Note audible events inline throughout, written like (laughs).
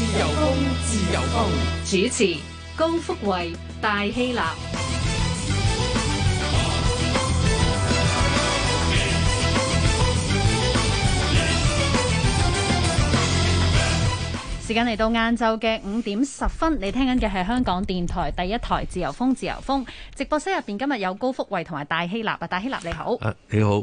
自由風，自由風。由主持：高福慧、大希娜。時間嚟到晏晝嘅五點十分，你聽緊嘅係香港電台第一台自由風，自由風，直播室入邊今日有高福慧同埋戴希立啊，戴希立你好。你好。你好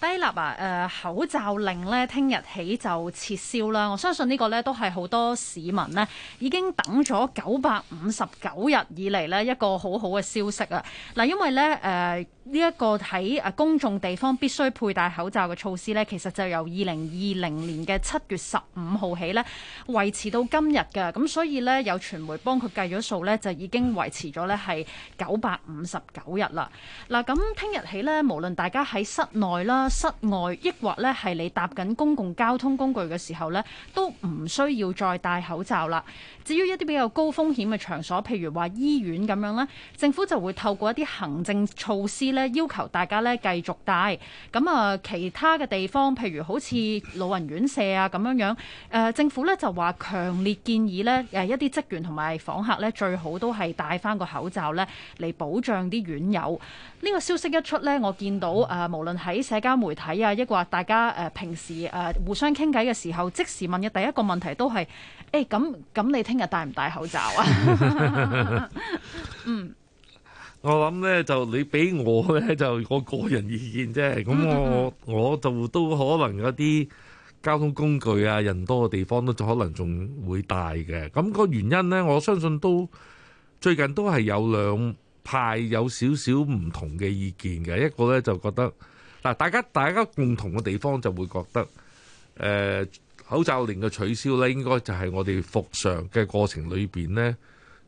戴希立啊，誒、呃，口罩令咧聽日起就撤銷啦。我相信這個呢個咧都係好多市民咧已經等咗九百五十九日以嚟咧一個很好好嘅消息啊。嗱，因為咧誒呢一、呃這個喺誒公眾地方必須佩戴口罩嘅措施咧，其實就由二零二零年嘅七月十五號起咧為遲到今日㗎，咁所以呢，有傳媒幫佢計咗數呢，就已經維持咗呢係九百五十九日啦。嗱，咁聽日起呢，無論大家喺室內啦、室外，抑或呢係你搭緊公共交通工具嘅時候呢，都唔需要再戴口罩啦。至於一啲比較高風險嘅場所，譬如話醫院咁樣啦，政府就會透過一啲行政措施呢，要求大家呢繼續戴。咁啊，其他嘅地方，譬如好似老人院舍啊咁樣樣，誒政府呢就話，強烈建議呢，誒一啲職員同埋訪客呢，最好都係戴翻個口罩呢，嚟保障啲院友。呢、這個消息一出呢，我見到誒無論喺社交媒體啊，抑或大家誒平時誒互相傾偈嘅時候，即時問嘅第一個問題都係：誒咁咁你聽日戴唔戴口罩啊？ (laughs) (laughs) 嗯，我諗呢，就你俾我呢，就我個人意見啫，咁我嗯嗯我就都可能有啲。交通工具啊，人多嘅地方都可能仲會戴嘅。咁、那個原因呢，我相信都最近都係有兩派有少少唔同嘅意見嘅。一個呢就覺得嗱，大家大家共同嘅地方就會覺得，誒、呃、口罩令嘅取消呢應該就係我哋復常嘅過程裏邊呢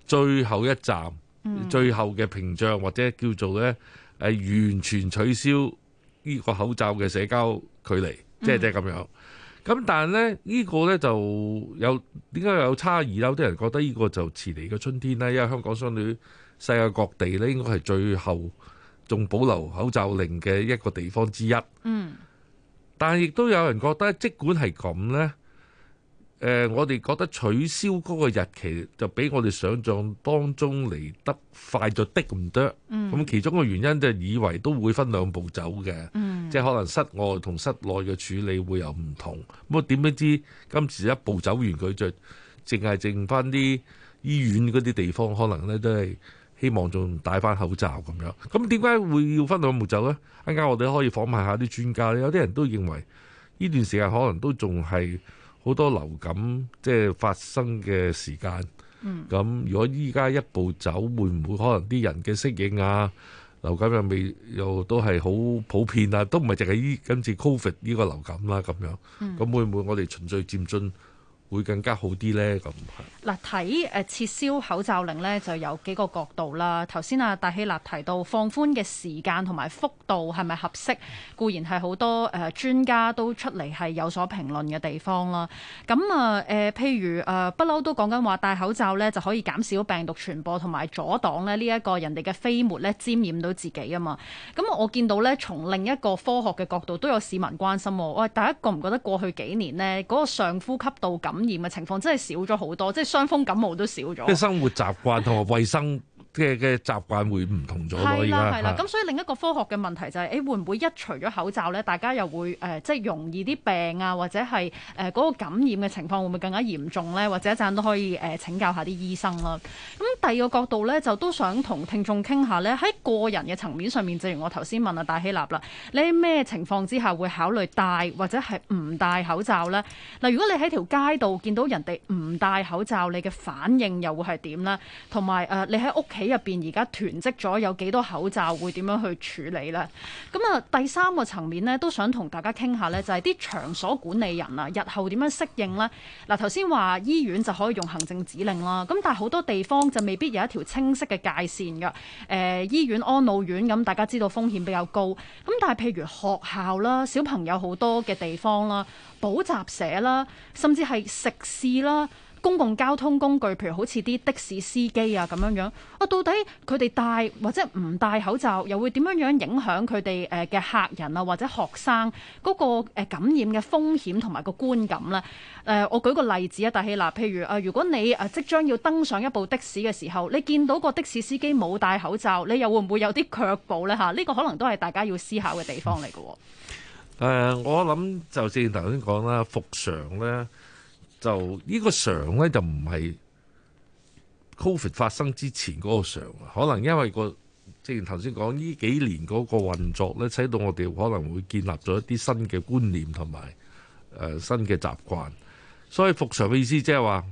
最後一站、嗯、最後嘅屏障，或者叫做呢誒完全取消呢個口罩嘅社交距離，即係即係咁樣。嗯咁但係咧，呢個咧就有點解有差異啦？有啲人覺得呢個就遲嚟嘅春天啦，因為香港相對於世界各地呢，應該係最後仲保留口罩令嘅一個地方之一。嗯。但係亦都有人覺得，即管係咁呢，我哋覺得取消嗰個日期就比我哋想象當中嚟得快，就的咁多。嗯。咁其中個原因就係以為都會分兩步走嘅。即係可能室外同室內嘅處理會有唔同，咁啊點樣知今次一步走完，佢就淨係剩翻啲醫院嗰啲地方，可能咧都係希望仲戴翻口罩咁樣。咁點解會要分兩步走咧？啱啱我哋可以訪問下啲專家咧，有啲人都認為呢段時間可能都仲係好多流感即係發生嘅時間。嗯。咁如果依家一步走，會唔會可能啲人嘅適應啊？流感又未又都係好普遍啦，都唔係淨係依今次 COVID 呢個流感啦咁樣，咁會唔會我哋循序漸進？會更加好啲呢？咁。嗱睇誒撤銷口罩令呢就有幾個角度啦。頭先阿大希納提到放寬嘅時間同埋幅度係咪合適，固然係好多誒、呃、專家都出嚟係有所評論嘅地方啦。咁啊誒，譬如誒不嬲都講緊話戴口罩呢就可以減少病毒傳播同埋阻擋咧呢一、呢個人哋嘅飛沫咧沾染到自己啊嘛。咁我見到呢，從另一個科學嘅角度都有市民關心，哦，喂大家覺唔覺得過去幾年呢，嗰、嗰個上呼吸道感感染嘅情況真係少咗好多，即係傷風感冒都少咗。即係生活習慣同埋衛生。 (laughs) 嘅嘅習慣會唔同咗啦，係啦係啦，咁所以另一個科學嘅問題就係、是，誒、欸、會唔會一除咗口罩咧，大家又會誒、呃、即係容易啲病啊，或者係誒嗰個感染嘅情況會唔會更加嚴重咧？或者一陣都可以誒、呃、請教下啲醫生啦、啊。咁第二個角度咧，就都想同聽眾傾下咧，喺個人嘅層面上面，正如我頭先問啊戴希立啦，你咩情況之下會考慮戴或者係唔戴口罩咧？嗱、呃，如果你喺條街度見到人哋唔戴口罩，你嘅反應又會係點咧？同埋誒，你喺屋企。喺入邊而家囤積咗有幾多口罩，會點樣去處理呢？咁啊，第三個層面呢，都想同大家傾下呢，就係啲場所管理人啊，日後點樣適應呢？嗱，頭先話醫院就可以用行政指令啦，咁但係好多地方就未必有一條清晰嘅界線嘅。誒、呃，醫院、安老院咁，大家知道風險比較高。咁但係譬如學校啦、小朋友好多嘅地方啦、補習社啦，甚至係食肆啦。公共交通工具，譬如好似啲的士司機啊咁樣樣，啊到底佢哋戴或者唔戴口罩，又會點樣樣影響佢哋誒嘅客人啊或者學生嗰個感染嘅風險同埋個觀感呢？誒、啊，我舉個例子啊，大氣嗱，譬如啊，如果你誒即將要登上一部的士嘅時候，你見到個的士司機冇戴口罩，你又會唔會有啲卻步呢？嚇、啊，呢、這個可能都係大家要思考嘅地方嚟㗎喎。我諗就正如頭先講啦，復常咧。就呢個常咧，就唔係 COVID 發生之前嗰個常。可能因為個，正如頭先講，呢幾年嗰個運作咧，使到我哋可能會建立咗一啲新嘅觀念同埋誒新嘅習慣。所以復常嘅意思即係話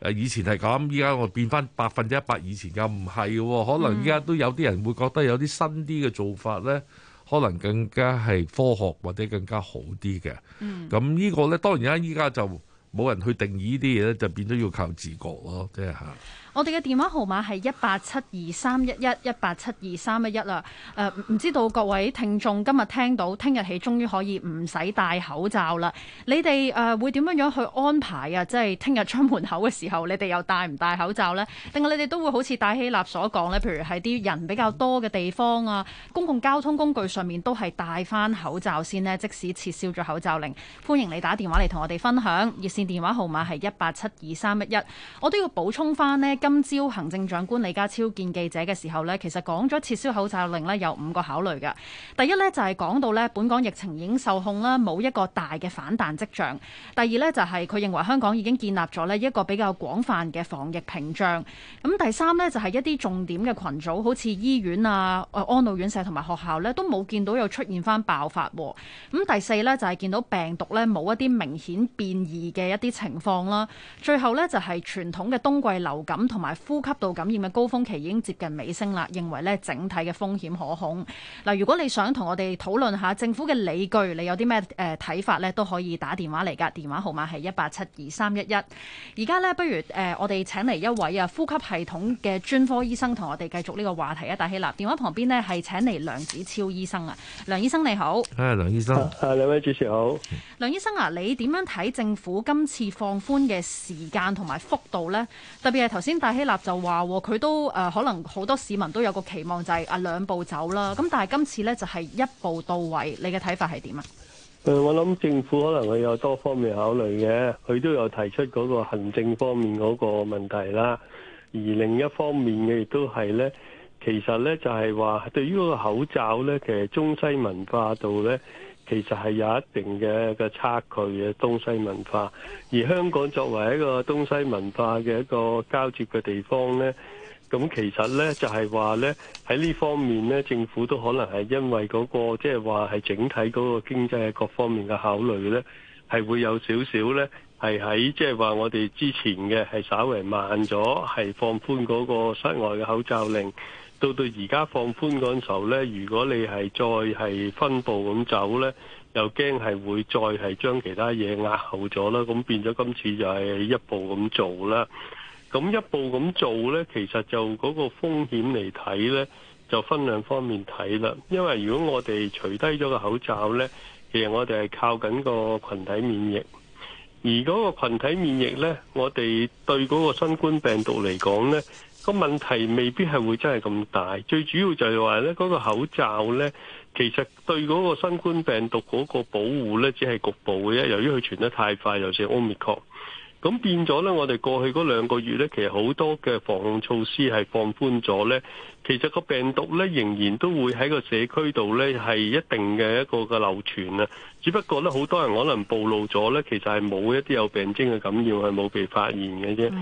誒，以前係咁，依家我變翻百分之一百以前又唔係喎。可能依家都有啲人會覺得有啲新啲嘅做法咧，可能更加係科學或者更加好啲嘅。嗯。咁呢個咧，當然啦，依家就。冇人去定義呢啲嘢咧，就變咗要靠自覺咯，即係吓。我哋嘅電話號碼係一八七二三一一一八七二三一一啦。誒唔知道各位聽眾今日聽到聽日起終於可以唔使戴口罩啦。你哋誒、呃、會點樣樣去安排啊？即係聽日出門口嘅時候，你哋又戴唔戴口罩呢？定係你哋都會好似戴希立所講呢？譬如喺啲人比較多嘅地方啊，公共交通工具上面都係戴翻口罩先呢。即使撤銷咗口罩令，歡迎你打電話嚟同我哋分享。熱線電話號碼係一八七二三一一。我都要補充翻呢。今朝行政長官李家超見記者嘅時候呢，其實講咗撤銷口罩令呢，有五個考慮㗎。第一呢就係講到呢，本港疫情已經受控啦，冇一個大嘅反彈跡象。第二呢就係佢認為香港已經建立咗呢一個比較廣泛嘅防疫屏障。咁第三呢就係一啲重點嘅群組，好似醫院啊、安老院舍同埋學校呢，都冇見到有出現翻爆發。咁第四呢就係見到病毒呢冇一啲明顯變異嘅一啲情況啦。最後呢，就係傳統嘅冬季流感。同埋呼吸道感染嘅高峰期已經接近尾聲啦，認為咧整體嘅風險可控。嗱，如果你想同我哋討論下政府嘅理據，你有啲咩誒睇法咧，都可以打電話嚟噶。電話號碼係一八七二三一一。而家咧，不如誒我哋請嚟一位啊呼吸系統嘅專科醫生同我哋繼續呢個話題啊。大希啦，電話旁邊咧係請嚟梁子超醫生啊。梁醫生你好，係梁醫生，啊兩位主持好。梁醫生啊，你點樣睇政府今次放寬嘅時間同埋幅度咧？特別係頭先。大希臘就話佢都誒、呃，可能好多市民都有個期望，就係、是、啊兩步走啦。咁但係今次呢，就係、是、一步到位，你嘅睇法係點啊？誒、呃，我諗政府可能佢有多方面考慮嘅，佢都有提出嗰個行政方面嗰個問題啦。而另一方面嘅亦都係呢，其實呢，就係、是、話對於嗰個口罩呢，其實中西文化度呢，其實係有一定嘅個差距嘅東西文化，而香港作為一個東西文化嘅一個交接嘅地方呢，咁其實呢就係話呢喺呢方面呢，政府都可能係因為嗰個即係話係整體嗰個經濟各方面嘅考慮呢，係會有少少呢係喺即係話我哋之前嘅係稍微慢咗，係放寬嗰個室外嘅口罩令。到到而家放寬嗰陣時候咧，如果你係再係分步咁走咧，又驚係會再係將其他嘢壓後咗啦。咁變咗今次就係一步咁做啦。咁一步咁做咧，其實就嗰個風險嚟睇咧，就分兩方面睇啦。因為如果我哋除低咗個口罩咧，其實我哋係靠緊個群體免疫，而嗰個群體免疫咧，我哋對嗰個新冠病毒嚟講咧。個問題未必係會真係咁大，最主要就係話咧，嗰個口罩咧，其實對嗰個新冠病毒嗰個保護咧，只係局部嘅啫。由於佢傳得太快，尤其是 Omicron。咁變咗咧，我哋過去嗰兩個月咧，其實好多嘅防控措施係放寬咗咧。其實個病毒咧，仍然都會喺個社區度咧，係一定嘅一個嘅流傳啊。只不過咧，好多人可能暴露咗咧，其實係冇一啲有病徵嘅感染係冇被發現嘅啫。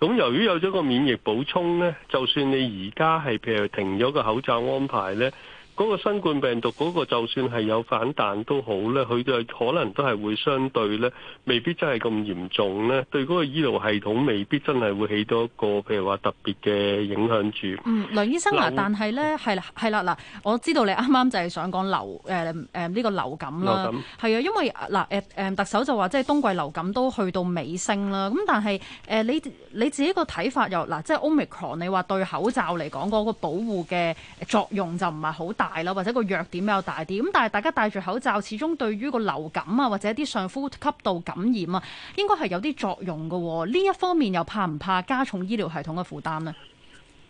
咁由於有咗個免疫補充咧，就算你而家係譬如停咗個口罩安排咧。嗰個新冠病毒嗰個就算係有反彈都好咧，佢就可能都係會相對咧，未必真係咁嚴重咧。對嗰個醫療系統未必真係會起到一個，譬如話特別嘅影響住。嗯，梁醫生啊，呃、但係咧係啦係啦嗱，我知道你啱啱就係想講流誒誒呢個流感啦，係啊流感，因為嗱誒誒特首就話即係冬季流感都去到尾聲啦。咁但係誒、呃、你你自己個睇法又嗱、呃，即係 Omicron 你話對口罩嚟講嗰個保護嘅作用就唔係好大。大啦，或者個弱點比較大啲，咁但係大家戴住口罩，始終對於個流感啊或者啲上呼吸道感染啊，應該係有啲作用噶啊。呢一方面又怕唔怕加重醫療系統嘅負擔呢？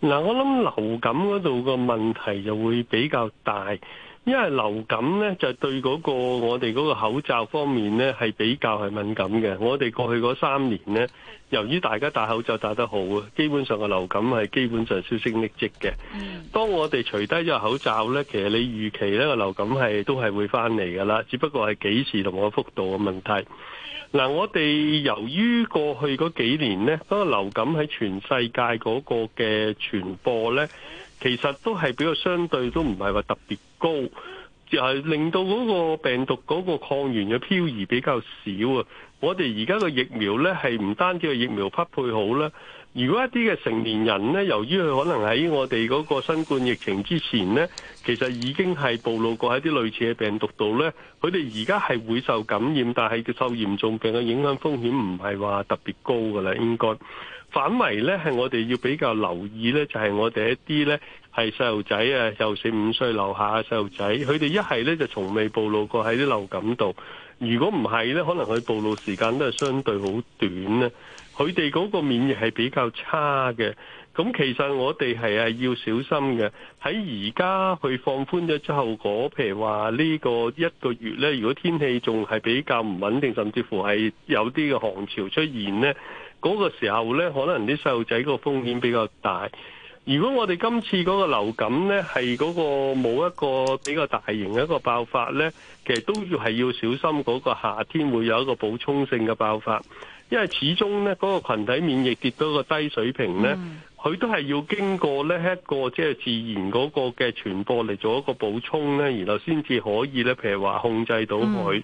嗱，我諗流感嗰度個問題就會比較大。因為流感呢，就對嗰、嗰個我哋嗰個口罩方面呢，係比較係敏感嘅。我哋過去嗰三年呢，由於大家戴口罩戴得好啊，基本上個流感係基本上銷聲匿跡嘅。當我哋除低咗口罩呢，其實你預期呢個流感係都係會翻嚟噶啦，只不過係幾時同個幅度嘅問題。嗱、啊，我哋由於過去嗰幾年呢，嗰個流感喺全世界嗰個嘅傳播呢。其實都係比較相對都唔係話特別高，就係令到嗰個病毒嗰個抗原嘅漂移比較少啊！我哋而家嘅疫苗呢，係唔單止係疫苗匹配好啦，如果一啲嘅成年人呢，由於佢可能喺我哋嗰個新冠疫情之前呢，其實已經係暴露過喺啲類似嘅病毒度呢。佢哋而家係會受感染，但係受嚴重病嘅影響風險唔係話特別高㗎喇，應該。反為咧，係我哋要比較留意咧，就係、是、我哋一啲咧係細路仔啊，由四五歲樓下細路仔，佢哋一係咧就從未暴露過喺啲流感度。如果唔係咧，可能佢暴露時間都係相對好短咧。佢哋嗰個免疫系係比較差嘅。咁其實我哋係要小心嘅。喺而家佢放寬咗之後果，嗰譬如話呢個一個月咧，如果天氣仲係比較唔穩定，甚至乎係有啲嘅寒潮出現咧。嗰個時候呢，可能啲細路仔個風險比較大。如果我哋今次嗰個流感呢，係嗰個冇一個比較大型嘅一個爆發呢，其實都要係要小心嗰個夏天會有一個補充性嘅爆發。因為始終咧，嗰、那個群體免疫跌到一個低水平咧，佢、嗯、都係要經過咧一個即係、就是、自然嗰個嘅傳播嚟做一個補充咧，然後先至可以咧，譬如話控制到佢。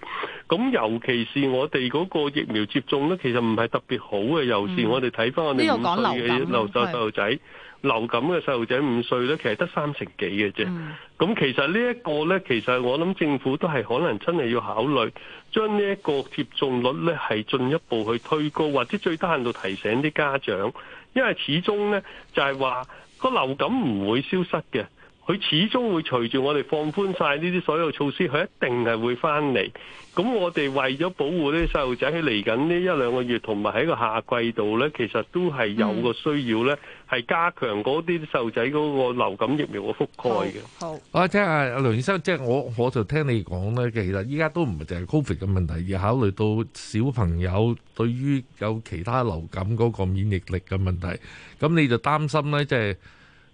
咁、嗯、尤其是我哋嗰個疫苗接種咧，其實唔係特別好嘅，尤其是我哋睇翻我哋五歲嘅留細細路仔。流感嘅細路仔五歲呢，其實得三成幾嘅啫。咁、嗯、其實呢一個呢，其實我諗政府都係可能真係要考慮將呢一個接種率呢，係進一步去推高，或者最低限度提醒啲家長，因為始終呢，就係話個流感唔會消失嘅。佢始終會隨住我哋放寬晒呢啲所有措施，佢一定係會翻嚟。咁我哋為咗保護啲細路仔，喺嚟緊呢一兩個月，同埋喺個下季度咧，其實都係有個需要咧，係加強嗰啲細路仔嗰個流感疫苗嘅覆蓋嘅。好，我聽阿梁醫生，即係我我就聽你講咧，其實依家都唔係淨係 Covid 嘅問題，而考慮到小朋友對於有其他流感嗰個免疫力嘅問題，咁你就擔心咧，即係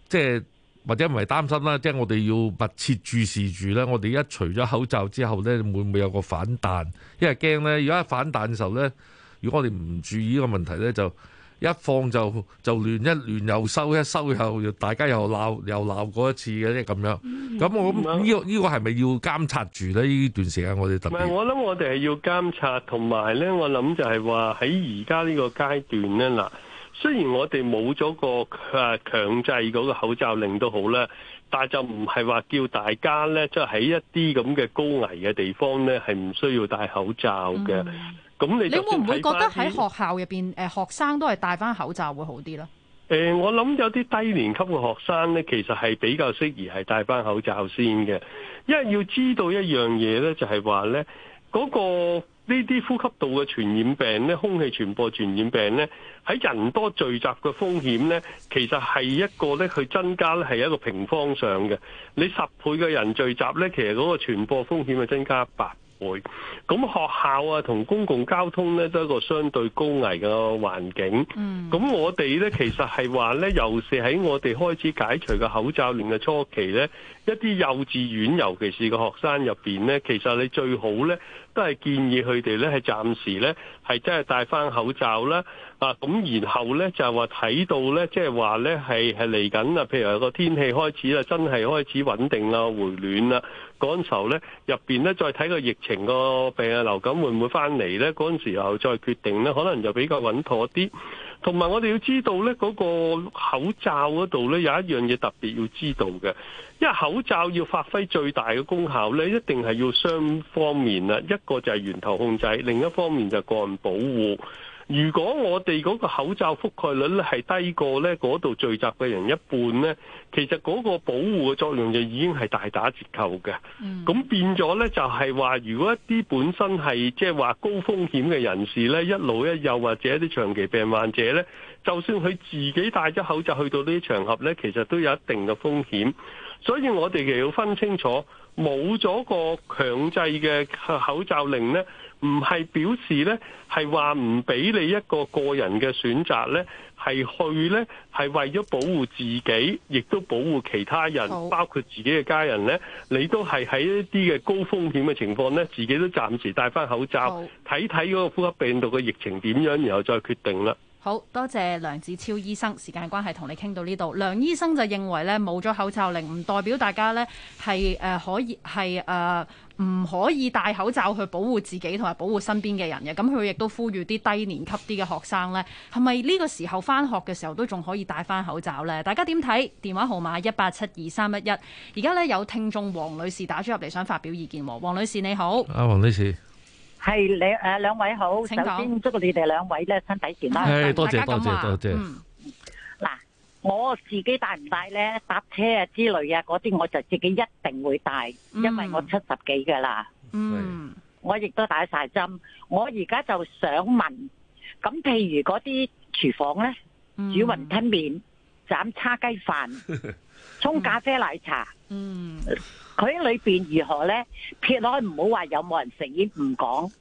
即係。就是或者唔係擔心啦，即係我哋要密切注視住咧。我哋一除咗口罩之後咧，會唔會有個反彈？因為驚咧，如果一反彈嘅時候咧，如果我哋唔注意呢個問題咧，就一放就就亂一亂又收一收又大家又鬧又鬧過一次嘅啫咁樣。咁我諗呢個呢個係咪要監察住咧？呢段時間我哋特別。唔係，我諗我哋係要監察，同埋咧，我諗就係話喺而家呢個階段咧嗱。雖然我哋冇咗個誒強制嗰個口罩令都好啦，但就唔係話叫大家咧，即係喺一啲咁嘅高危嘅地方咧，係唔需要戴口罩嘅。咁、嗯、你就你會唔會覺得喺學校入面，呃、學生都係戴翻口罩會好啲咧、呃？我諗有啲低年級嘅學生咧，其實係比較適宜係戴翻口罩先嘅，因為要知道一樣嘢咧，就係話咧嗰個。呢啲呼吸道嘅傳染病咧，空氣傳播傳染病咧，喺人多聚集嘅風險咧，其實係一個咧去增加咧，係一個平方上嘅。你十倍嘅人聚集咧，其實嗰個傳播風險係增加一百。會，咁學校啊同公共交通呢都係一個相對高危嘅環境。咁、嗯、我哋呢，其實係話呢，尤其是喺我哋開始解除嘅口罩令嘅初期呢，一啲幼稚園尤其是個學生入邊呢，其實你最好呢都係建議佢哋呢，係暫時呢，係真係戴翻口罩啦。啊，咁然後呢，就係話睇到呢，即係話呢係係嚟緊啊，譬如話個天氣開始啦，真係開始穩定啦、回暖啦嗰陣時候呢，入面呢，再睇個疫情個病啊、流感會唔會翻嚟呢？嗰陣時候再決定呢，可能就比較穩妥啲。同埋我哋要知道呢，嗰個口罩嗰度呢，有一樣嘢特別要知道嘅，因為口罩要發揮最大嘅功效呢，一定係要雙方面啦，一個就係源頭控制，另一方面就係個人保護。如果我哋嗰個口罩覆蓋率咧係低過咧嗰度聚集嘅人一半咧，其實嗰個保護嘅作用就已經係大打折扣嘅。咁、嗯、變咗咧就係話如果一啲本身係即係話高風險嘅人士咧，一老一幼或者一啲長期病患者咧，就算佢自己戴咗口罩去到呢啲場合咧，其實都有一定嘅風險。所以我哋其實要分清楚，冇咗個強制嘅口罩令咧。唔係表示呢，係話唔俾你一個個人嘅選擇呢係去呢，係為咗保護自己，亦都保護其他人，好包括自己嘅家人呢，你都係喺一啲嘅高風險嘅情況呢，自己都暫時戴翻口罩，睇睇嗰個呼吸道病毒嘅疫情點樣，然後再決定啦。好多謝梁子超醫生，時間關係同你傾到呢度。梁醫生就認為呢，冇咗口罩令唔代表大家呢係誒、呃、可以係誒。是呃唔可以戴口罩去保護自己同埋保護身邊嘅人嘅，咁佢亦都呼籲啲低年級啲嘅學生呢，係咪呢個時候返學嘅時候都仲可以戴返口罩呢？大家點睇？電話號碼一八七二三一一。而家呢，有聽眾黃女士打咗入嚟想發表意見喎。黃女士你好，啊黃女士係兩位好，請說，首先祝你哋兩位呢身體健康。多謝多謝多謝。多謝嗯我自己帶唔帶呢？搭車啊之類啊嗰啲，我就自己一定會帶，因為我七十幾噶啦。嗯、mm.，我亦都打晒針，我而家就想問，咁譬如嗰啲廚房呢，煮雲吞麵、斬叉雞飯、沖咖啡奶茶，嗯，佢裏邊如何呢？撇開唔好話有冇人食煙，唔講。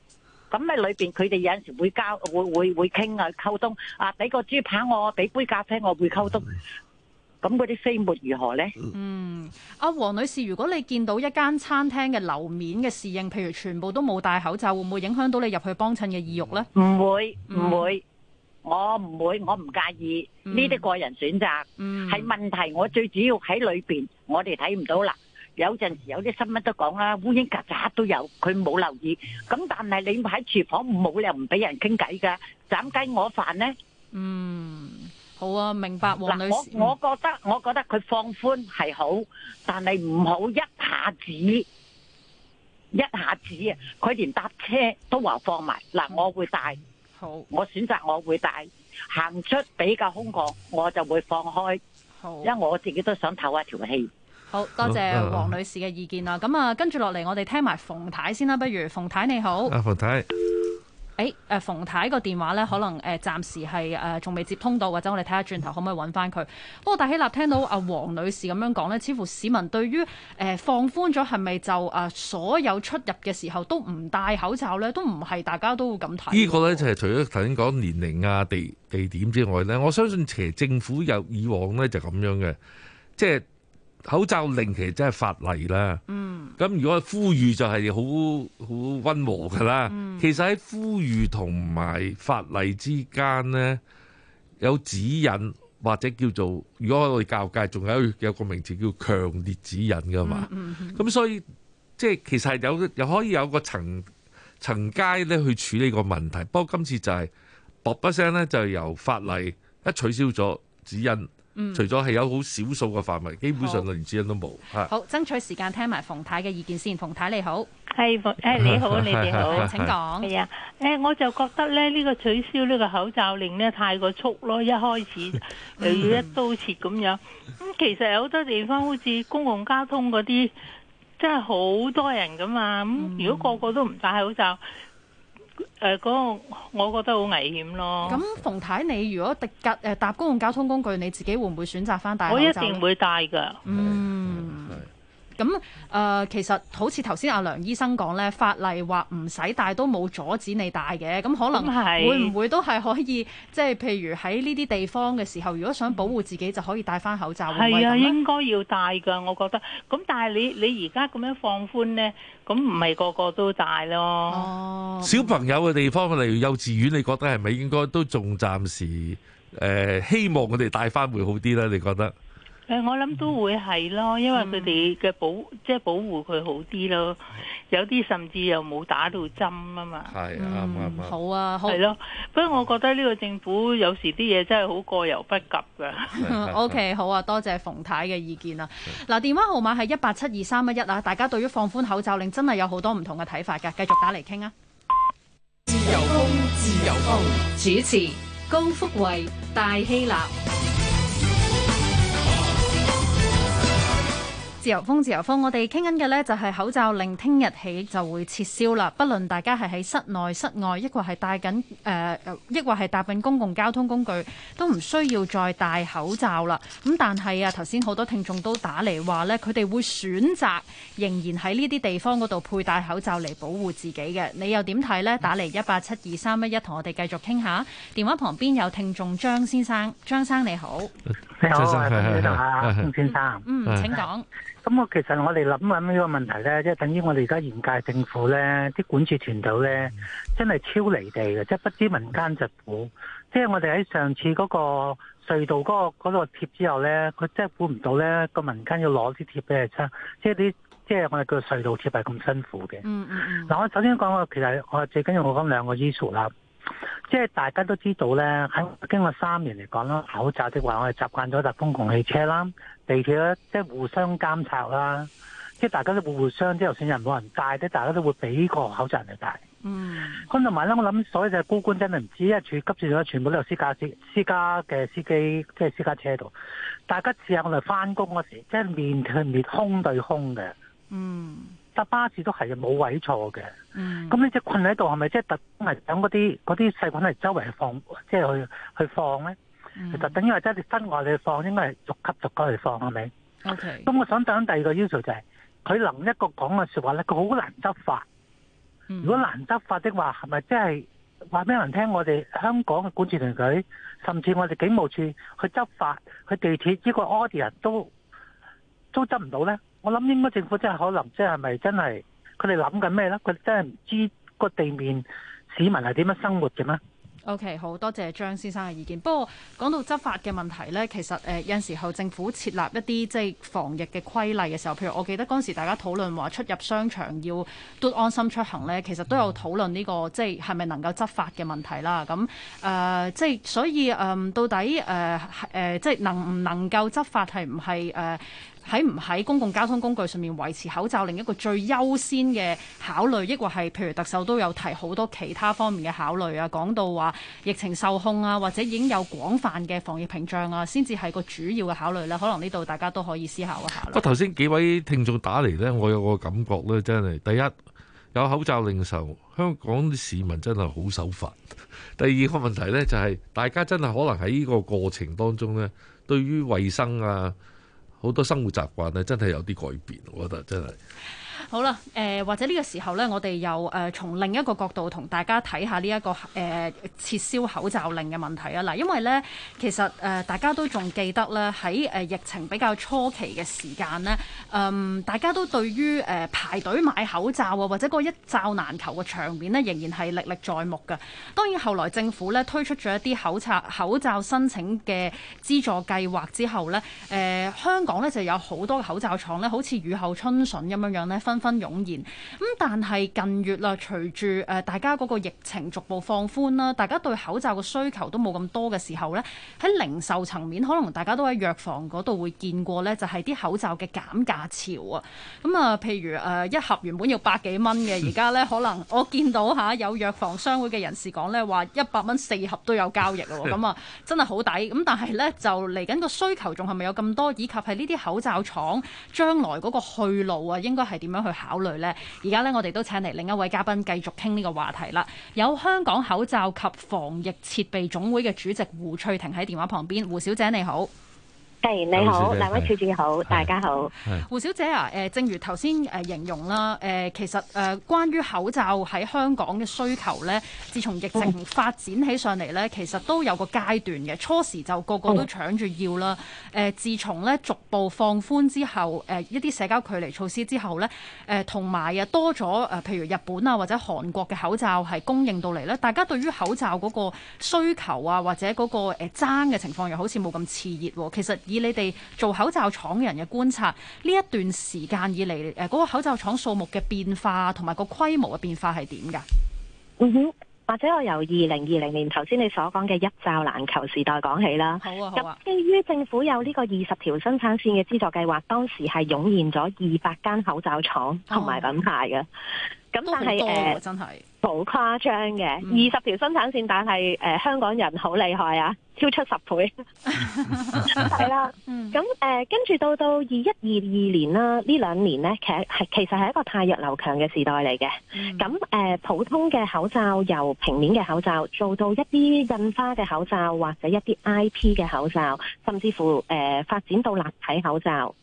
咁喺裏邊佢哋有陣時會交，會會會傾啊溝通啊，俾個豬扒我，俾杯咖啡我會溝通。咁嗰啲飛沫如何呢？嗯，阿黃女士，如果你見到一間餐廳嘅樓面嘅侍應，譬如全部都冇戴口罩，會唔會影響到你入去幫襯嘅意欲呢？唔會，唔會，我唔會，我唔介意呢啲個人選擇。嗯，係問題，我最主要喺裏邊，我哋睇唔到啦。有陣時有啲新聞都講啦，烏蠅曱甴都有，佢冇留意。咁但係你喺廚房冇理由唔俾人傾偈噶，斬雞我飯呢？嗯，好啊，明白，王女士。嗱，我我覺得我覺得佢放寬係好，但係唔好一下子，一下子啊，佢連搭車都話放埋。嗱，我會帶好，我選擇我會帶行出比較空曠，我就會放開，因為我自己都想透一條氣。好多謝黃女士嘅意見啦，咁啊，跟住落嚟我哋聽埋馮太先啦，不如馮太，太你好。阿馮、啊、太，誒、哎，誒，馮太個電話咧，可能誒暫時係誒仲未接通到，或者我哋睇下轉頭可唔可以揾翻佢。不過戴希立聽到阿黃女士咁樣講咧，似乎市民對於誒放寬咗係咪就啊所有出入嘅時候都唔戴口罩咧，都唔係大家都會咁睇。個呢個咧就係、是、除咗頭先講年齡啊地地點之外咧，我相信其實政府有以往咧就咁、是、樣嘅，即係。口罩令其實真係法例啦，咁、嗯、如果呼籲就係好好溫和嘅啦。嗯、其實喺呼籲同埋法例之間呢，有指引或者叫做，如果我哋教育界仲有有個名詞叫強烈指引嘅嘛。咁、嗯嗯嗯、所以即係其實有又可以有個層層階咧去處理個問題。不過今次就係啵啵聲咧，就由法例一取消咗指引。嗯、除咗係有好少數嘅範圍，基本上個原因都冇。好，是好，爭取時間聽埋馮太嘅意見先。馮太，太你好，係馮，誒你好， (laughs) 你哋好， (laughs) 請講。係啊，誒我就覺得咧，呢、呢個取消呢個口罩令咧，太過速咯，一開始又要一刀切咁樣。咁其實有好多地方好似公共交通嗰啲，真係好多人噶嘛。咁如果個個都唔戴口罩，誒嗰，呃那個，我覺得好危險咯。咁馮太太，你如果特格搭公共交通工具，你自己會唔會選擇翻戴口罩？我一定會戴㗎。嗯。Mm. Mm. 咁誒，呃，其實好似頭先阿梁醫生講咧，法例話唔使戴都冇阻止你戴嘅，咁可能會唔會都係可以，即係譬如喺呢啲地方嘅時候，如果想保護自己，就可以戴翻口罩。係啊的，會唔會應該要戴嘅，我覺得。咁但係你你而家咁樣放寬咧，咁唔係個個都戴咯。哦，小朋友嘅地方，例如幼稚園，你覺得係咪應該都仲暫時誒，呃，希望佢哋戴翻會好啲咧？你覺得？誒，我諗都會係咯，因為佢哋嘅保即係、嗯保，即係、保護佢好啲咯，有啲甚至又冇打到針啊嘛。係啊、嗯、啊，好啊，係咯。不過我覺得呢個政府有時啲嘢真係好過猶不及噶。 (laughs) o、okay, K，好啊，多謝馮太嘅意見啊。嗱，電話號碼係一八七二三一一啊。大家對於放寬口罩令真係有好多唔同嘅睇法噶，繼續打嚟傾啊。自由風，自由風，主持高福慧，戴希立。自由風，自由風，我哋傾緊嘅呢就係口罩令，聽日起就會撤銷啦。不論大家係喺室內、室外，抑或係戴緊誒，抑、呃、或係搭緊公共交通工具，都唔需要再戴口罩啦。咁但係啊，頭先好多聽眾都打嚟話呢，佢哋會選擇仍然喺呢啲地方嗰度佩戴口罩嚟保護自己嘅。你又點睇呢？打嚟一八七二三一一，同我哋繼續傾下。電話旁邊有聽眾張先生，張先生你好。你好，喺度啊，張先生嗯。嗯，請講。咁我其實我哋諗緊呢個問題咧，即係等於我哋而家現屆政府咧，啲管治團隊咧，真係超離地嘅，即係不知民間疾苦。即係我哋喺上次嗰個隧道嗰個嗰個貼之後咧，佢真係估唔到咧，個民間要攞啲貼俾你出，即係啲即係我哋叫隧道貼係咁辛苦嘅。嗯，嗯，嗱，hmm. 我首先講我其實我最緊要我講兩個因素啦。即係大家都知道咧，喺經過三年嚟講啦，口罩的話，我哋習慣咗搭公共汽車啦、地鐵咧，即係互相監察啦，即係大家都會互相，即係就算人冇人戴即大家都會俾個口罩人嚟戴。嗯，咁同埋咧，我諗所以就係高官真係唔知，因為住急住咗，全部都有私家的司私家的司機嘅司機，即係私家車度。大家今次啊，我哋翻工嗰時，即係面對面，空對空嘅，嗯。搭巴士都係冇位坐嘅，咁你只困喺度係咪即係特登嗰啲嗰啲細菌係周圍放，即係去去放呢？其實等於係即係分外你放，應該係逐級逐個去放係咪？OK，咁我想等到第二個要求就係佢能一個講嘅說話咧，佢好難執法。嗯、如果難執法的話，係咪即係話俾人聽？我哋香港嘅管治團隊，甚至我哋警務處去執法，去地鐵呢個 order 都都執唔到呢？我諗應該政府真係可能是他們想什麼，即係咪真係佢哋諗緊咩咧？佢真係唔知個地面市民係點樣生活嘅咩？OK，好多謝張先生嘅意見。不過講到執法嘅問題咧，其實誒有陣時候政府設立一啲即係防疫嘅規例嘅時候，譬如我記得嗰陣時大家討論話出入商場要嘟安心出行咧，其實都有討論呢、這個即係係咪能夠執法嘅問題啦。咁誒即係所以誒到底誒誒、呃呃、即係能唔能夠執法係唔係誒？呃喺唔喺公共交通工具上面維持口罩，另一個最優先嘅考慮，抑或係譬如特首都有提好多其他方面嘅考慮啊？講到話疫情受控啊，或者已經有廣泛嘅防疫屏障啊，先至係個主要嘅考慮咧。可能呢度大家都可以思考一下啦。不過，頭先幾位聽眾打嚟咧，我有個感覺咧，真係第一有口罩令嘅時候，香港的市民真係好守法。第二個問題咧，就是，就係大家真係可能喺呢個過程當中咧，對於衛生啊。好多生活習慣咧，真係有啲改變，我覺得真係。好啦，呃，或者呢個時候咧，我哋又誒、呃、從另一個角度同大家睇下呢、這、一個誒、呃、撤銷口罩令嘅問題啊！嗱，因為咧其實、呃、大家都仲記得咧喺疫情比較初期嘅時間咧、嗯，大家都對於、呃、排隊買口罩啊，或者嗰一罩難求嘅場面咧，仍然係歷歷在目嘅。當然後來政府咧推出咗一啲口罩口罩申請嘅資助計劃之後咧、呃，香港咧就有好多口罩廠咧，好似雨後春筍咁樣樣咧分。紛湧現，咁但係近月啦，隨住誒大家嗰個疫情逐步放寬啦，大家對口罩嘅需求都冇咁多嘅時候咧，喺零售層面，可能大家都喺藥房嗰度會見過呢，就係啲口罩嘅減價潮啊，咁啊，譬如誒一盒原本要百幾蚊嘅，而家呢，可能我見到吓有藥房商會嘅人士講呢，話一百蚊四盒都有交易嘅，咁啊真係好抵，咁但係呢，就嚟緊個需求仲係咪有咁多，以及係呢啲口罩廠將來嗰個去路啊，應該係點樣？去考慮呢。而家呢，我哋都請嚟另一位嘉賓繼續傾呢個話題啦。有香港口罩及防疫設備總會嘅主席胡翠婷喺電話旁邊，胡小姐你好。誒，hey，你好，兩位處主。好，是大家好。胡小姐啊，誒，正如頭先誒形容啦，誒，其實誒，關於口罩喺香港嘅需求咧，自從疫情發展起上嚟咧，其實都有個階段嘅。初時就個個都搶住要啦。誒，自從咧逐步放寬之後，誒，一啲社交距離措施之後咧，誒，同埋啊，多咗誒，譬如日本啊或者韓國嘅口罩係供應到嚟咧，大家對於口罩嗰個需求啊或者嗰個誒爭嘅情況又好似冇咁熾熱。其實以你哋做口罩廠嘅人嘅觀察，呢一段時間以嚟，誒，嗰個口罩廠數目嘅變化同埋個規模嘅變化係點噶？嗯哼，或者我由二零二零年頭先你所講嘅一罩難求時代講起啦。好啊，好啊，好啊。基於政府有呢個二十條生產線嘅資助計劃，當時係湧現咗二百間口罩廠同埋品牌嘅。咁、哦啊、但係是誒。真好誇張嘅，二十、嗯、條生產線，但、呃、係香港人好厲害啊，超出十倍，係 (laughs) 啦 (laughs) 了。咁跟住到到二一二二年啦，兩年呢兩年咧，其實係其實係一個太弱流強嘅時代嚟嘅。咁、嗯呃、普通嘅口罩由平面嘅口罩做到一啲印花嘅口罩，或者一啲 IP 嘅口罩，甚至乎誒、呃、發展到立體口罩。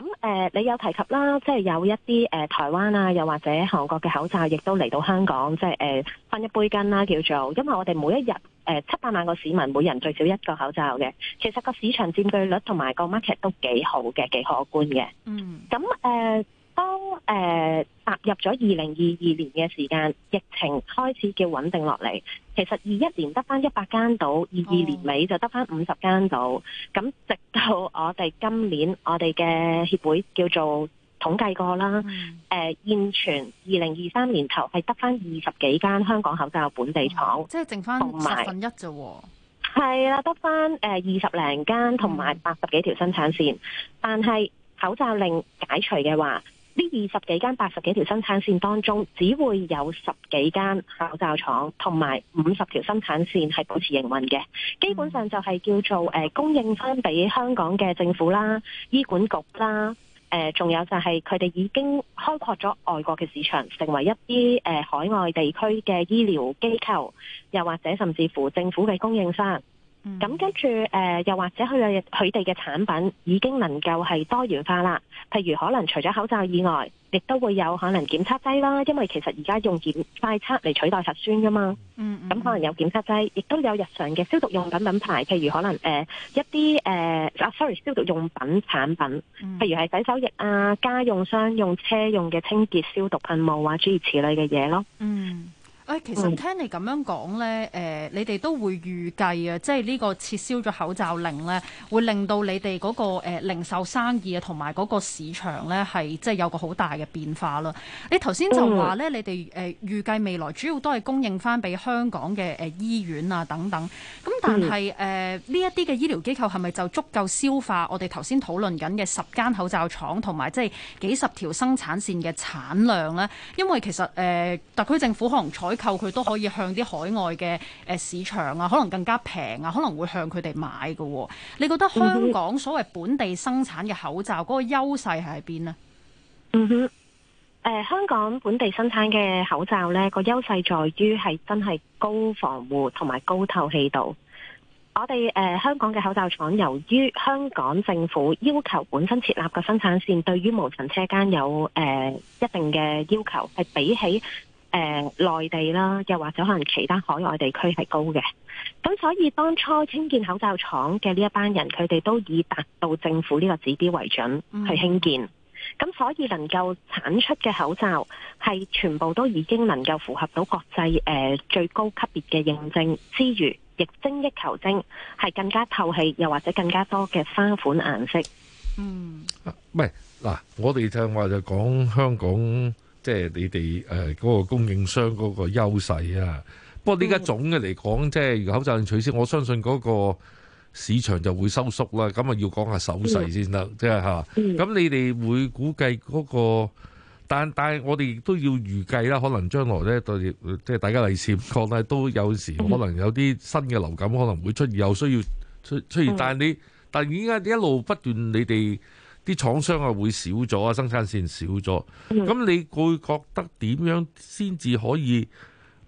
咁誒、呃，你有提及啦，即係有一啲誒、呃、台灣啊，又或者韓國嘅口罩，亦都嚟到香港，即係誒、呃、分一杯羹啦，叫做。因為我哋每一日誒、呃、七百萬個市民，每人最少一個口罩嘅，其實個市場佔據率同埋個 market 都幾好嘅，幾可觀嘅。嗯，咁誒都、呃、踏入咗二零二二年嘅時間，疫情開始叫穩定落嚟。其實二一年得翻一百間到，二二年尾就得翻五十間到。咁、嗯、直到我哋今年，我哋嘅協會叫做統計過啦。誒、嗯呃、現存二零二三年頭係得翻二十幾間香港口罩本地廠，嗯、即係剩翻五分之一啫。係啦，得翻誒二十零間同埋八十幾條生產線。嗯、但係口罩令解除嘅話，呢二十幾間八十幾條生產線當中，只會有十幾間口罩廠同埋五十條生產線係保持營運嘅。基本上就係叫做誒、呃、供應返俾香港嘅政府啦、醫管局啦，誒、呃、仲有就係佢哋已經開拓咗外國嘅市場，成為一啲誒、呃、海外地區嘅醫療機構，又或者甚至乎政府嘅供應商。咁、嗯、跟住，誒、呃、又或者佢哋佢哋嘅產品已經能夠係多元化啦。譬如可能除咗口罩以外，亦都會有可能檢測劑啦。因為其實而家用檢快測嚟取代核酸㗎嘛。咁、嗯嗯、可能有檢測劑，亦、嗯、都有日常嘅消毒用品品牌，譬如可能誒、呃、一啲誒啊，sorry，消毒用品產品，譬如係洗手液啊、家用箱、商用、車用嘅清潔消毒噴霧啊、諸如此類嘅嘢咯。嗯。其實聽你咁樣講呢，誒、嗯呃，你哋都會預計啊，即係呢個撤銷咗口罩令呢，會令到你哋嗰、那個、呃、零售生意啊，同埋嗰個市場呢，係即係有個好大嘅變化啦。你頭先就話呢，嗯、你哋誒、呃、預計未來主要都係供應翻俾香港嘅誒、呃、醫院啊等等。咁但係誒呢一啲嘅醫療機構係咪就足夠消化我哋頭先討論緊嘅十間口罩廠同埋即係幾十條生產線嘅產量呢？因為其實誒、呃、特區政府可能採購佢都可以向啲海外嘅、誒市場啊，可能更加平啊，可能會向佢哋買嘅。你覺得香港所謂本地生產嘅口罩嗰個優勢係喺邊呢？嗯哼，誒、呃，香港本地生產嘅口罩咧，個優勢在於係真係高防護同埋高透氣度。我哋誒、呃、香港嘅口罩廠，由於香港政府要求本身設立嘅生產線對於無塵車間有誒一定嘅要求，係比起。誒、呃，內地啦，又或者可能其他海外地區係高嘅，咁所以當初興建，建口罩廠嘅呢一班人，佢哋都以達到政府呢個指標為準去興建，咁、嗯、所以能夠產出嘅口罩係全部都已經能夠符合到國際誒、呃、最高級別嘅認證，之餘亦精益求精，係更加透氣，又或者更加多嘅花款顏色。嗯，唔係嗱，我哋就話就講香港。即係你哋誒嗰個供應商嗰個優勢啊！不過呢家總嘅嚟講，如果口罩令取消，我相信嗰個市場就會收縮啦。咁啊，要講下手勢先得，即係嚇。咁你哋會估計嗰個，但但係我哋亦都要預計啦。可能將來咧，對即係大家預先確立都有時可能有啲新嘅流感可能會出現，有需要出出現。但係你但係依家一路不斷，你哋。啲廠商啊會少咗啊生產線少咗，咁、嗯、你會覺得點樣先至可以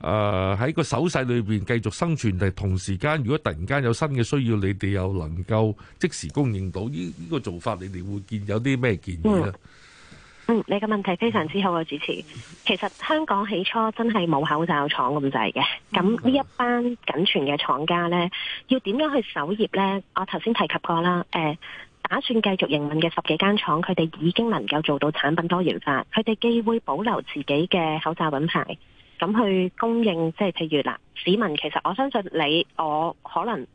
誒喺個手勢裏邊繼續生存？定同時間，如果突然間有新嘅需要，你哋又能夠即時供應到呢？呢個做法，你哋會見有啲咩建議呢？嗯，你嘅問題非常之好啊，我主持。其實香港起初真係冇口罩廠咁滯嘅，咁呢一班僅存嘅廠家呢，要點樣去守業呢？我頭先提及過啦，誒、呃。打算繼續營運嘅十幾間廠，佢哋已經能夠做到產品多元化。佢哋既會保留自己嘅口罩品牌，咁去供應。即係譬如啦，市民其實我相信你我可能。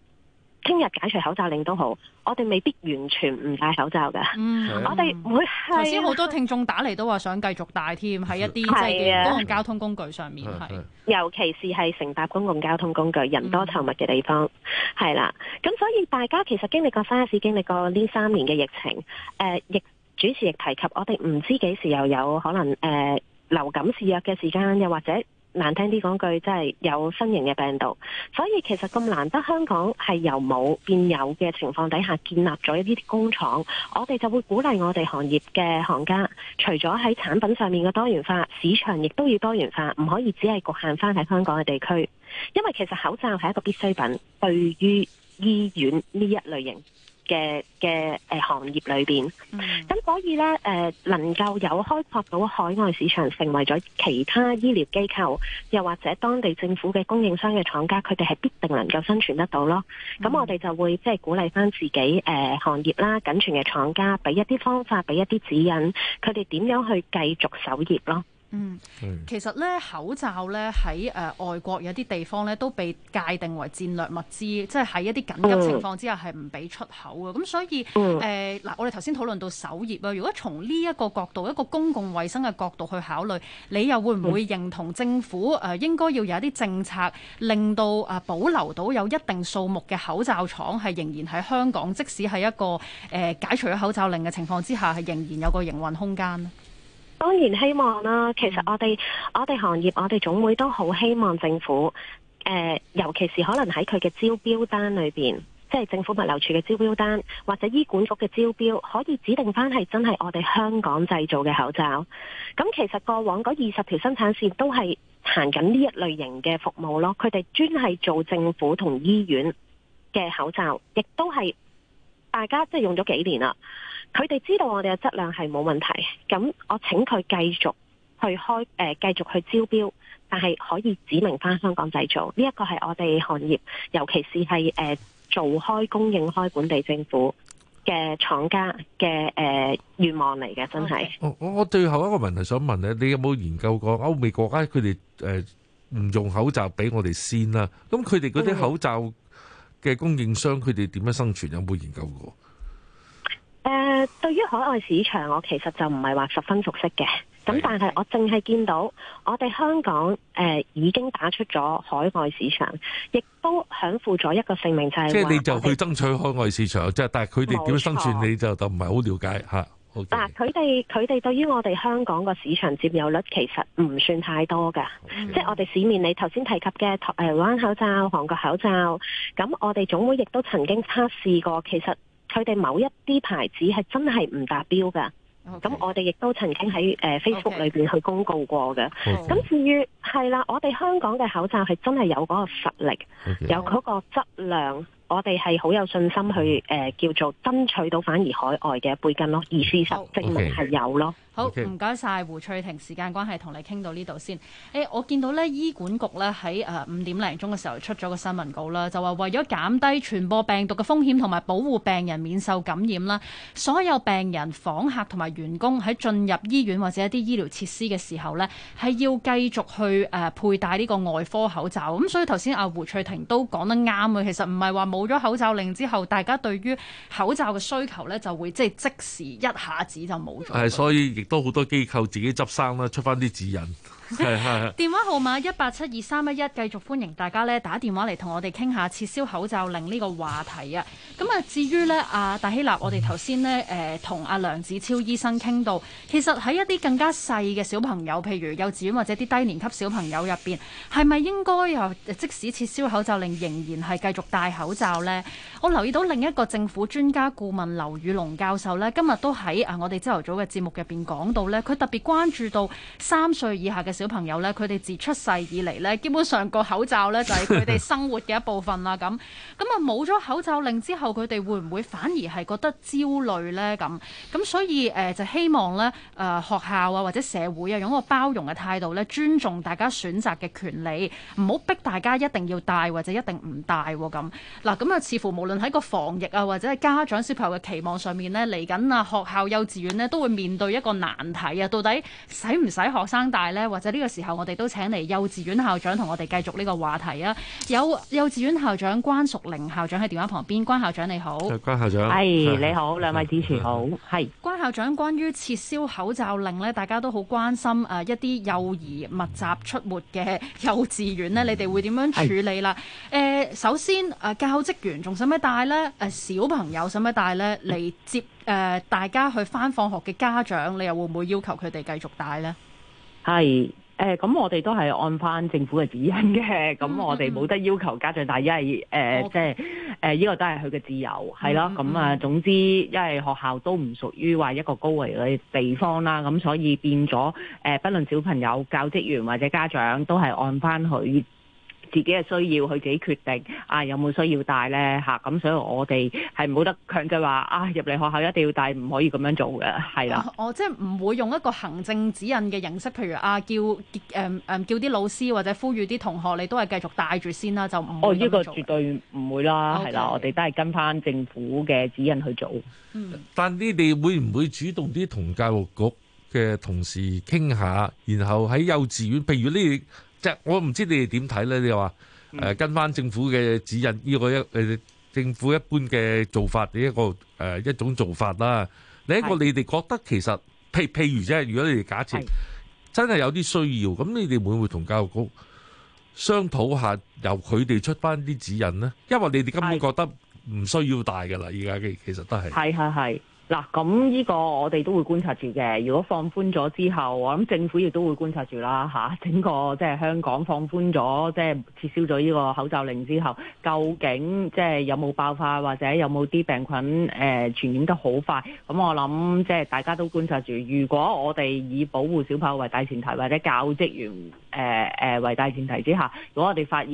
聽日解除口罩令都好，我哋未必完全唔戴口罩噶。嗯，我哋會係、啊。頭先好多聽眾打嚟都話想繼續戴添，喺一啲即係公共交通工具上面，係、啊啊啊、尤其是係乘搭公共交通工具、人多稠密嘅地方，係啦、嗯。咁、啊、所以大家其實經歷過沙士，經歷過呢三年嘅疫情，誒、呃，亦主持亦提及，我哋唔知幾時又有可能誒、呃、流感肆虐嘅時間，又或者。難聽啲講句，真係有新型嘅病毒，所以其實咁難得香港係由冇變有嘅情況底下，建立咗一啲工廠，我哋就會鼓勵我哋行業嘅行家，除咗喺產品上面嘅多元化，市場亦都要多元化，唔可以只係局限翻喺香港嘅地區，因為其實口罩係一個必需品，對於醫院呢一類型。嘅嘅，呃、行業裏邊，咁、mm hmm. 所以咧誒、呃、能夠有開拓到海外市場成為咗其他醫療機構，又或者當地政府嘅供應商嘅廠家，佢哋係必定能夠生存得到咯。咁、mm hmm. 我哋就會即係鼓勵翻自己誒、呃、行業啦，僅存嘅廠家，俾一啲方法，俾一啲指引，佢哋點樣去繼續守業咯。嗯，嗯其實咧口罩咧喺、呃、外國有啲地方咧都被界定為戰略物資，即係喺一啲緊急情況之下係唔俾出口嘅。咁、嗯、所以嗱、嗯呃，我哋頭先討論到首頁啊，如果從呢一個角度，一個公共衛生嘅角度去考慮，你又會唔會認同政府誒、呃、應該要有一啲政策，令到、呃、保留到有一定數目嘅口罩廠係仍然喺香港，即使係一個、呃、解除咗口罩令嘅情況之下，係仍然有個營運空間呢？當然希望啦，其實我哋我哋行業我哋總會都好希望政府，誒、呃，尤其是可能喺佢嘅招標單裏邊，即係政府物流署嘅招標單或者醫管局嘅招標，可以指定返係真係我哋香港製造嘅口罩。咁其實過往嗰二十條生產線都係行緊呢一類型嘅服務咯，佢哋專係做政府同醫院嘅口罩，亦都係大家即係用咗幾年啦。佢哋知道我哋嘅質量係冇問題，咁我請佢繼續去開，誒、呃、繼續去招標，但係可以指明翻香港製造。呢、這、一個係我哋行業，尤其是係誒、呃、做開供應開本地政府嘅廠家嘅誒、呃、願望嚟嘅，真係。我我最後一個問題想問咧，你有冇研究過歐美國家佢哋誒唔用口罩俾我哋先啦、啊？咁佢哋嗰啲口罩嘅供應商，佢哋點樣生存？有冇研究過？誒、呃，對於海外市場，我其實就唔係話十分熟悉嘅。咁的但係我淨係見到我哋香港誒、呃，已經打出咗海外市場，亦都享負咗一個盛名就係、是、即係你就去爭取海外市場，即係錯但係佢哋點生存，你就就唔係好了解吓。嗱，佢哋佢哋對於我哋香港個市場佔有率其實唔算太多噶，Okay 即係我哋市面你頭先提及嘅台灣口罩、韓國口罩，咁我哋總會亦都曾經測試過，其實。佢哋某一啲牌子係真係唔達標噶，咁 Okay. 我哋亦都曾經喺、呃、Facebook 裏面去公告過嘅。咁 Okay. 至於係啦，我哋香港嘅口罩係真係有嗰個實力，Okay. 有嗰個質量。我哋係好有信心去誒叫做爭取到，反而海外嘅背景咯，而事實證明係有咯。好，唔該曬胡翠婷，時間關係同你傾到呢度先。誒，我見到咧醫管局咧喺誒五點零鐘嘅時候出咗個新聞稿啦，就話為咗減低傳播病毒嘅風險同埋保護病人免受感染啦，所有病人、訪客同埋員工喺進入醫院或者一啲醫療設施嘅時候咧，係要繼續去誒佩戴呢個外科口罩。咁所以頭先阿胡翠婷都講得啱啊，其實唔係話冇。冇咗口罩令之後，大家對於口罩嘅需求呢就會即係即時一下子就冇咗。係，所以亦都好多機構自己執生啦，出翻啲指引。係係 (laughs) 電話號碼一八七二三一一，繼續歡迎大家咧打電話嚟同我哋傾下撤銷口罩令呢個話題啊！咁啊，至於咧啊戴希立，我哋頭先咧誒同阿梁子超醫生傾到，其實喺一啲更加細嘅小朋友，譬如幼稚園或者啲低年級小朋友入邊，係咪應該又即使撤銷口罩令，仍然係繼續戴口罩呢？我留意到另一個政府專家顧問劉宇龍教授咧，今日都喺啊我哋朝頭早嘅節目入邊講到咧，佢特別關注到三歲以下嘅。小朋友咧，佢哋自出世以嚟咧，基本上個口罩咧就係佢哋生活嘅一部分啦。咁咁啊，冇咗口罩令之後，佢哋會唔會反而係覺得焦慮咧？咁咁所以誒、呃、就希望咧誒、呃、學校啊或者社會啊用一個包容嘅態度咧，尊重大家選擇嘅權利，唔好逼大家一定要戴或者一定唔戴咁。嗱咁啊，啊似乎無論喺個防疫啊或者係家長小朋友嘅期望上面咧，嚟緊啊學校幼稚園咧都會面對一個難題啊，到底使唔使學生戴咧或者？喺呢個時候，我哋都請嚟幼稚園校長同我哋繼續呢個話題啊！有幼稚園校長關淑玲校長喺電話旁邊，關校長你好。關校長，係、哎、你好，哎、兩位主持好。係、哎、是關校長，關於撤銷口罩令呢，大家都好關心誒、呃，一啲幼兒密集出沒嘅幼稚園呢，你哋會點樣處理啦？誒、嗯呃，首先誒、呃，教職員仲使唔使戴呢？小朋友使唔使戴呢？嚟接誒、呃、大家去翻放學嘅家長，你又會唔會要求佢哋繼續戴呢？係，誒，咁、呃、我哋都係按翻政府嘅指引嘅，咁我哋冇得要求家長，mm hmm. 但係，誒、呃，即係 Okay.、呃，誒，呢個都係佢嘅自由，係咯，咁啊、mm hmm. 嗯，總之因為學校都唔屬於話一個高危嘅地方啦，咁所以變咗，誒、呃，不論小朋友、教職員或者家長，都係按翻佢。自己嘅需要，佢自己決定啊，有冇需要帶咧。嚇、啊？咁所以我哋係唔好得強制話啊，入嚟學校一定要帶，唔可以咁樣做嘅，係啦。我即係唔會用一個行政指引嘅形式，譬如啊，叫誒誒、嗯嗯、叫啲老師或者呼籲啲同學，你都係繼續帶住先啦。就唔會這哦，呢、呢個絕對唔會啦，係啦 Okay.，我哋都係跟翻政府嘅指引去做。嗯、但呢啲會唔會主動啲同教育局嘅同事傾下，然後喺幼稚園，譬如呢？即係我唔知你哋點睇咧？你話誒、呃、跟翻政府嘅指引呢、這個一誒、呃、政府一般嘅做法，呢、這、一個誒、呃、一種做法啦。另一個你哋覺得其實譬譬如啫，如果你哋假設真係有啲需要，咁的你哋會唔會同教育局商討下，由佢哋出翻啲指引呢？因為你哋根本覺得唔需要帶噶啦，而家嘅其實都係係係係。是嗱，咁呢個我哋都會觀察住嘅。如果放寬咗之後，我諗政府亦都會觀察住啦，嚇整個即係香港放寬咗，即係撤銷咗呢個口罩令之後，究竟即係有冇爆發或者有冇啲病菌誒傳染得好快？咁我諗即係大家都觀察住。如果我哋以保護小朋友為大前提，或者教職員，誒誒，為大前提之下，如果我哋發現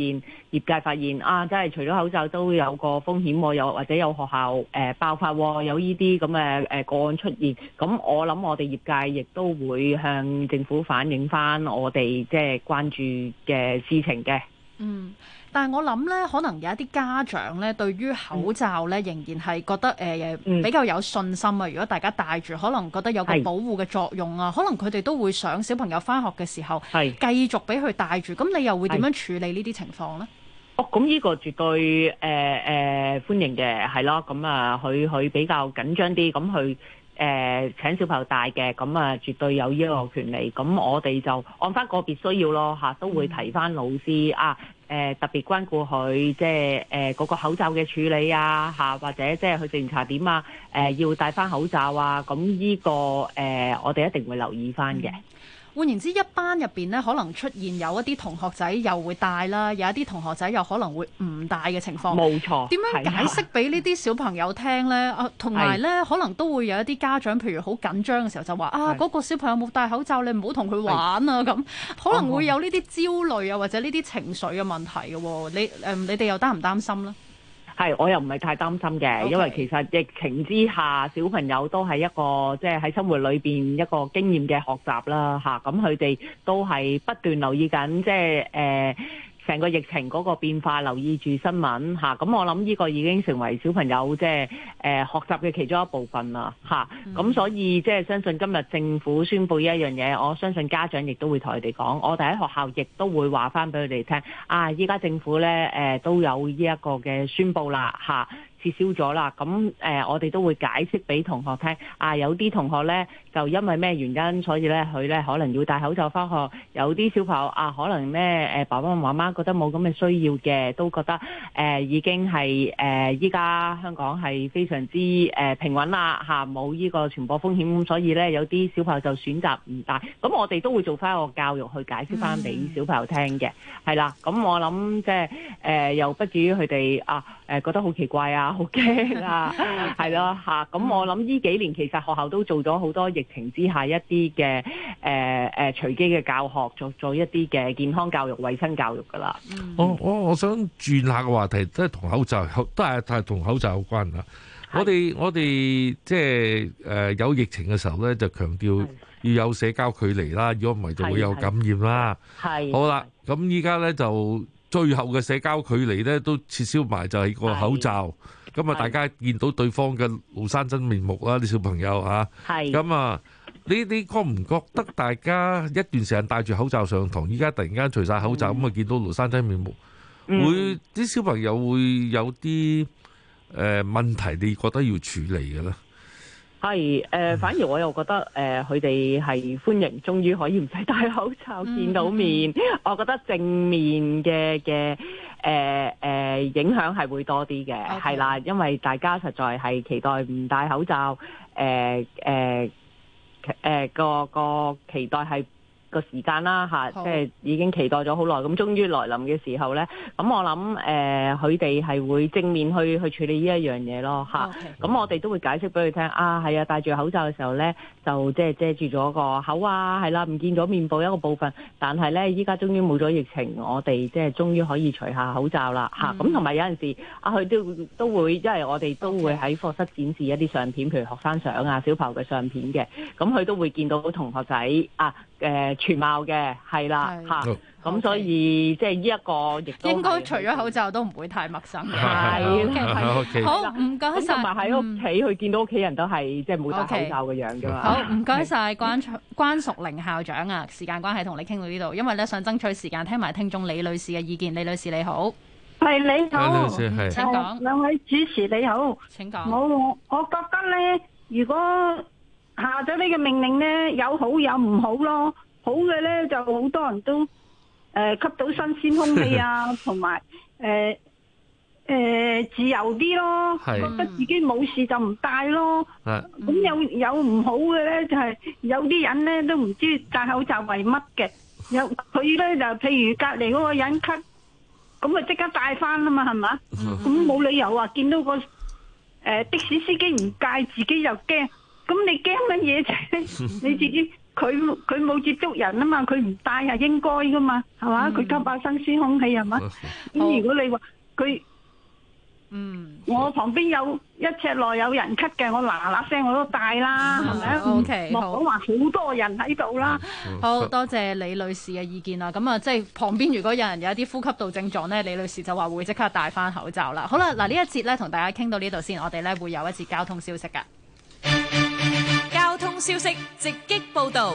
業界發現啊，真係除咗口罩都有個風險，有或者有學校誒爆發喎，有呢啲咁嘅誒個案出現，咁我諗我哋業界亦都會向政府反映翻我哋即係關注嘅事情嘅。嗯，但係我諗呢，可能有一啲家長呢，對於口罩呢，嗯、仍然係覺得誒、呃，比較有信心啊。嗯、如果大家戴住，可能覺得有個保護嘅作用啊，是可能佢哋都會想小朋友返學嘅時候繼續俾佢戴住。咁是你又會點樣處理呢啲情況呢？哦，咁呢個絕對誒誒、呃呃、歡迎嘅，係咯。咁啊，佢佢比較緊張啲，咁去。誒、呃、請小朋友戴嘅，咁啊絕對有呢個權利。咁我哋就按翻個別需要咯嚇，都會提翻老師啊，誒、呃、特別關顧佢，即係誒嗰個口罩嘅處理啊嚇，或者即係去茶點啊，呃、要戴翻口罩啊。咁呢、呢個誒、呃，我哋一定會留意翻嘅。換言之，一班入面咧，可能出現有一啲同學仔又會戴啦，有一啲同學仔又可能會唔戴嘅情況。冇錯，點樣解釋俾呢啲小朋友聽咧？啊、嗯，同埋咧，是可能都會有一啲家長，譬如好緊張嘅時候就話：是啊，嗰、嗰個小朋友冇戴口罩，你唔好同佢玩啊！咁是可能會有呢啲焦慮啊，或者呢啲情緒嘅問題嘅喎。你、呃、你哋又擔唔擔心咧？係，我又唔係太擔心嘅，Okay. 因為其實疫情之下，小朋友都係一個即係喺生活裏邊一個經驗嘅學習啦嚇，咁佢哋都係不斷留意緊，即係誒。成個疫情嗰個變化，留意住新聞嚇，咁、啊、我諗呢個已經成為小朋友即係誒學習嘅其中一部分啦，嚇咁、啊、所以即係、就是、相信今日政府宣布呢一樣嘢，我相信家長亦都會同佢哋講，我哋喺學校亦都會話翻俾佢哋聽。啊，依家政府咧誒、呃、都有呢一個嘅宣布啦嚇。啊撤銷咗啦，咁誒、嗯，我哋都會解釋俾同學聽啊。有啲同學呢，就因為咩原因，所以呢，佢呢可能要戴口罩翻學。有啲小朋友啊，可能呢，誒爸爸媽媽覺得冇咁嘅需要嘅，都覺得誒已經係誒依家香港係非常之誒平穩啦吓，冇呢個傳播風險，所以呢，有啲小朋友就選擇唔戴。咁我哋都會做翻一個教育去解釋翻俾小朋友聽嘅，係啦。咁我諗即係誒又不至於佢哋啊。誒，覺得好奇怪啊，好驚啊，係咯吓，咁我諗呢幾年其實學校都做咗好多疫情之下一啲嘅誒誒隨機嘅教學，做做一啲嘅健康教育、衛生教育噶啦。我我我想轉下個話題，即係同口罩，都係同口罩有關啊。我哋我哋即係誒有疫情嘅時候咧，就強調要有社交距離啦，如果唔係就會有感染啦。係好啦，咁依家咧就。最後嘅社交距離都撤銷埋，就係個口罩。咁啊是，大家見到對方嘅廬山真面目啦，啲小朋友嚇。咁是啊，你，你覺唔覺得大家一段時間戴住口罩上堂，依家突然間除晒口罩，咁啊、嗯、見到廬山真面目，會啲小朋友會有啲、呃、問題，你覺得要處理嘅呢？係，誒反而我又覺得，誒佢哋係歡迎，終於可以唔使戴口罩見到面。我覺得正面嘅嘅誒誒影響係會多啲嘅，係喇，因為大家實在係期待唔戴口罩，誒誒誒個個期待係。個時間啦，好即係已經期待咗好耐，咁終於來臨嘅時候呢，咁我諗誒，佢哋係會正面去去處理呢一樣嘢咯嚇。咁 Okay. 我哋都會解釋俾佢聽啊，係啊，戴住口罩嘅時候呢，就即係遮住咗個口啊，係啦、啊，唔見咗面部一個部分。但係呢，依家終於冇咗疫情，我哋即係終於可以除下口罩啦嚇。咁同埋有陣時啊，佢都都會因為我哋都會喺課室展示一啲相片，譬如學生相啊、小朋友嘅相片嘅。咁佢都會見到同學仔啊。誒全貌嘅係啦嚇，咁所以即係呢一個亦都應該除咗口罩都唔會太陌生嘅。係啦，好唔該曬。同埋喺屋企，佢見到屋企人都係即係冇戴口罩嘅樣噶嘛。好唔該曬關卓關淑玲校長啊，時間關係同你傾到呢度，因為咧想爭取時間聽埋聽眾李女士嘅意見。李女士你好。係你好，李女士係。請講。兩位主持你好，請講。好，我我我覺得咧，如果下咗呢個命令咧，有好有唔好咯。好嘅咧，就好多人都誒吸到新鮮空氣啊，同埋誒誒自由啲咯。覺得自己冇事就唔戴咯。咁有有唔好嘅咧，就係有啲人咧都唔知戴口罩為乜嘅。有佢咧就譬如隔籬嗰個人咳，咁啊即刻戴返啦嘛，係咪？咁冇理由話見到個誒的士司機唔戴，自己又驚。咁、嗯、你驚乜嘢啫？你自己佢佢冇接觸人啊嘛，佢唔戴係應該噶嘛，係嘛？佢吸下新鮮空氣係嘛？咁、嗯、如果你話佢，嗯，我旁邊有一尺內有人咳嘅，我嗱嗱聲我都戴啦，係咪啊？O K，莫講話好多人喺度啦。好多謝李女士嘅意見啦。咁啊，即係旁邊如果有人有一啲呼吸道症狀咧，李女士就話會即刻戴翻口罩啦。好啦，嗱呢一節咧同大家傾到呢度先，我哋咧會有一節交通消息噶。交通消息，直擊報道。